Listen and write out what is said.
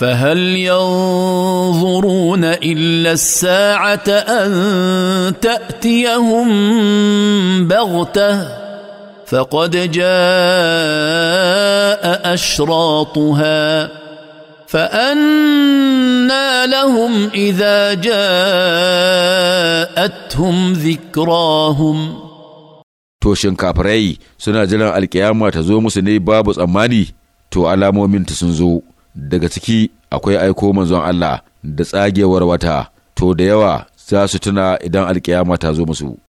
فهل ينظرون الا الساعه ان تاتيهم بغته فقد جاء اشراطها فانى لهم اذا جاءتهم ذكراهم to shinkafarai suna jiran alkiyama ta zo musu ne babu tsammani to alamominta sun zo daga ciki akwai aiko manzon Allah da tsagewar wata to da yawa za su tuna idan alkiyama ta zo musu